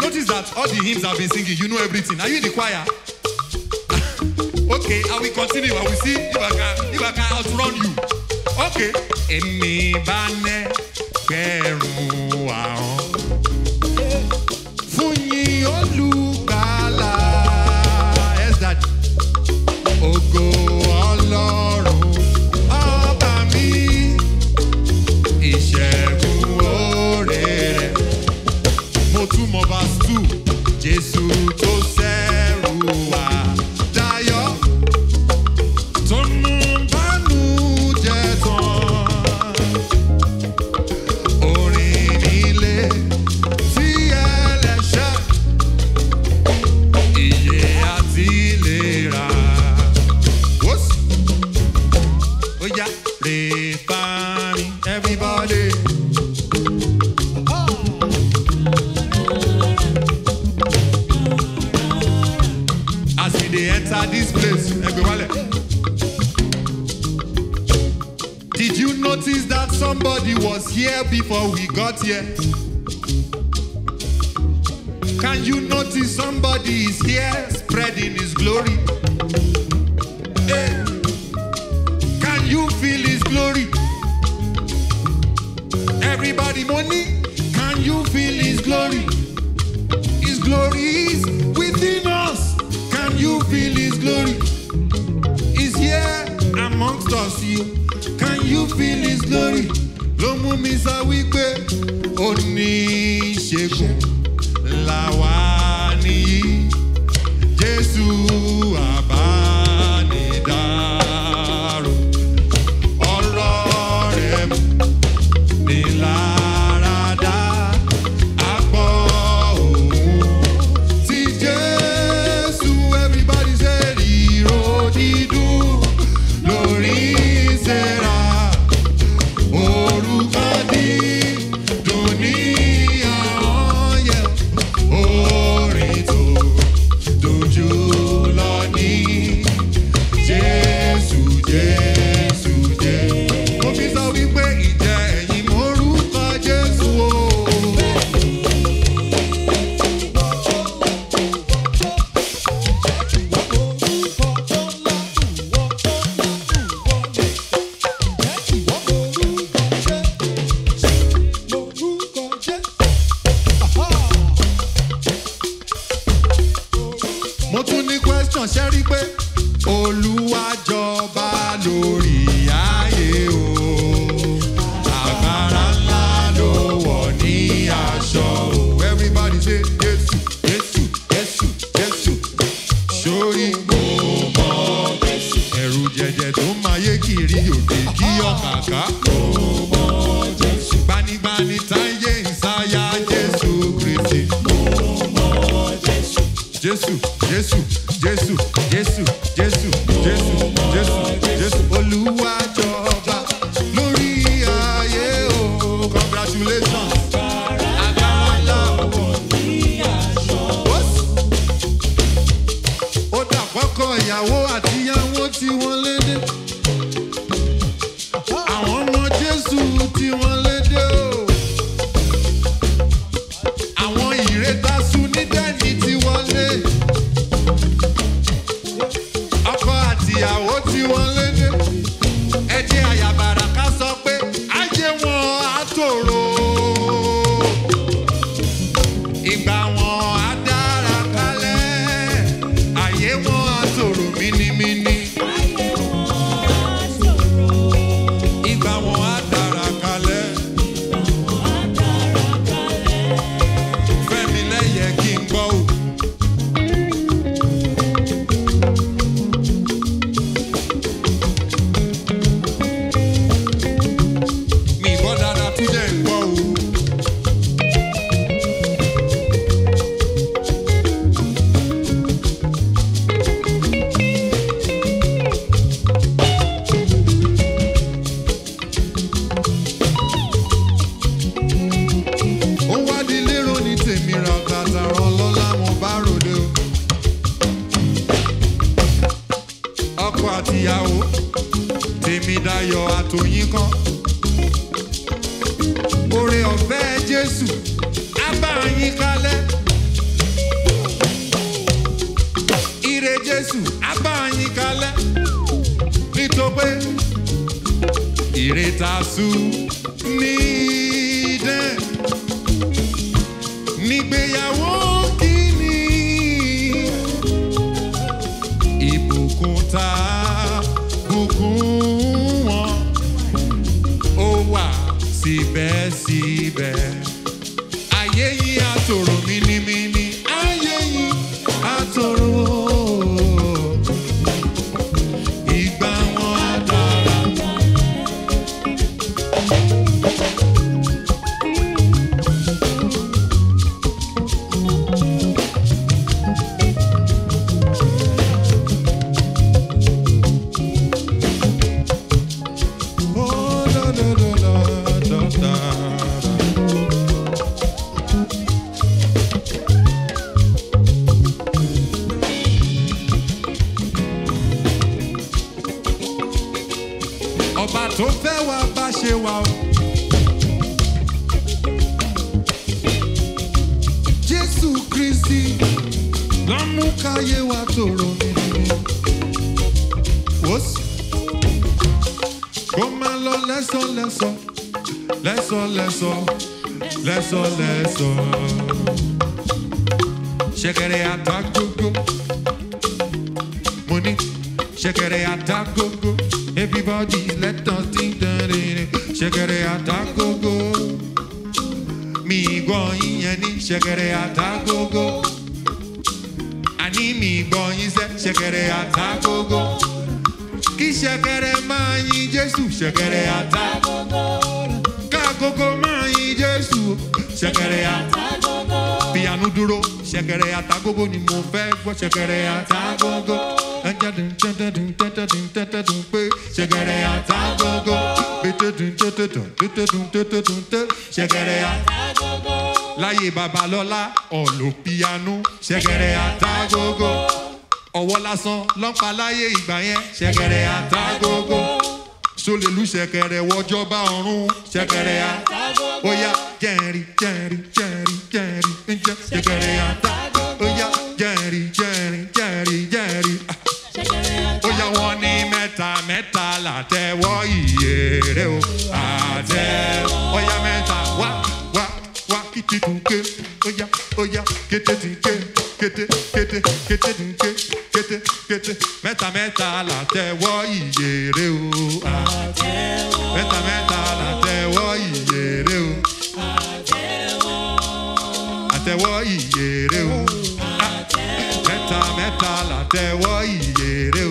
Notice that all the hymns I've been singing, you know everything. Are you in the choir? okay, I will continue. I will see if I can, if I can outrun you. Okay. Èmi bá nẹ́ gbẹ̀rù àrùn. You notice that somebody was here before we got here. Can you notice somebody is here spreading his glory? Hey. Can you feel his glory? Everybody money, can you feel his glory? His glory is within feel his glory ló mú mi sọ wípé ó ní ìṣègùn làwa nìyí Jésù. kaka ẹ jẹ́ àyàbára. tó yín kan. Oore ọ̀fẹ́ Jésù á bá yín kalẹ̀. Ire Jésù á bá yín kalẹ̀. Nítorí ire ta sú ní ìdẹ́ nígbéyàwó. síbẹ̀síbẹ̀ ayé yìí àtòrò. tòrò nínú. Wòsì. Kó máa lọ lẹ́sọ̀lẹ́sọ̀, lẹ́sọ̀lẹ́sọ̀, lẹ́sọ̀lẹ́sọ̀. Ṣẹ̀kẹ̀rẹ̀ àtàgógó. Mo ní ṣẹ̀kẹ̀rẹ̀ àtàgógó. Everybody let us ding dong ṣẹ̀kẹ̀rẹ̀ àtàgógó. Mi gbọ́ yíyan ní ṣẹ̀kẹ̀rẹ̀ àtàgógó. n'ime igbo ise shekere atagogo kí shekere máa yin jésù shekere atagogo kágogo máa yin jésù shekere atagogo pianu dúró shekere atagogo ni mo fẹ́ gbọ́ shekere ata ẹja dùn tẹ́tẹ́ dùn tẹ́tẹ́ dùn shekere pété dùn tẹ́tẹ́ dùn tẹ́tẹ́ shekere láyé babalọ́lá ọ̀lọ́ piano ṣẹ̀kẹ̀rẹ̀ àtàgógó ọwọ́ lásán lọ́npa láyé ìgbà yẹn ṣẹ̀kẹ̀rẹ̀ àtàgógó sólèlú ṣẹ̀kẹ̀rẹ̀ wọjọba ọ̀run ṣẹ̀kẹ̀rẹ̀ àtàgógó óyá jẹ́rìí jẹ́rìí jẹ́rìí jẹ́rìí ńjẹ́ ṣẹ̀kẹ̀rẹ̀ àtàgógó óyá jẹ́rìí jẹ́rìí jẹ́rìí jẹ́rìí óyá wọn ní mẹ́ta mẹ́ta látẹ́wọ́ ìyèrè o. ti tún ké óyá óyá kété ti ké kété kété kété ti ké kété kété mẹ́ta mẹ́ta là tẹ́wọ́ ìyèrè o. mẹ́ta mẹ́ta là tẹ́wọ́ ìyèrè o. àtẹ́wọ́ ìyèrè o. mẹ́ta mẹ́ta là tẹ́wọ́ ìyèrè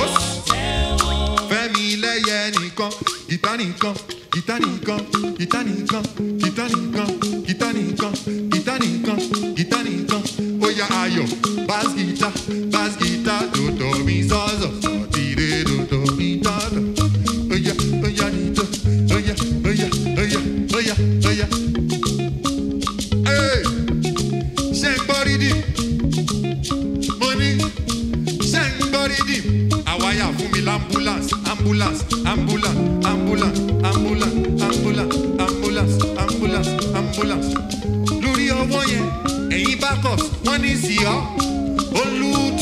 o. fẹ́mi lẹ́yẹ nìkan ìta nìkan kita nìkan kita nìkan kita nìkan kita nìkan kita bass guitar bass guitar dodo mi sọ́sọ̀ sọ̀tìrẹ dodo mi tọ́tọ̀ ó yá ó yá nìkan ó yá ó yá ó yá ó yá wáyà fún mi ambulance ambulance ambulance ambulance ambulance ambulance ambulance ambulance. lórí ọwọ́ yẹn ẹ̀yin backups wọ́n ní sí ọ́ olùtọ́.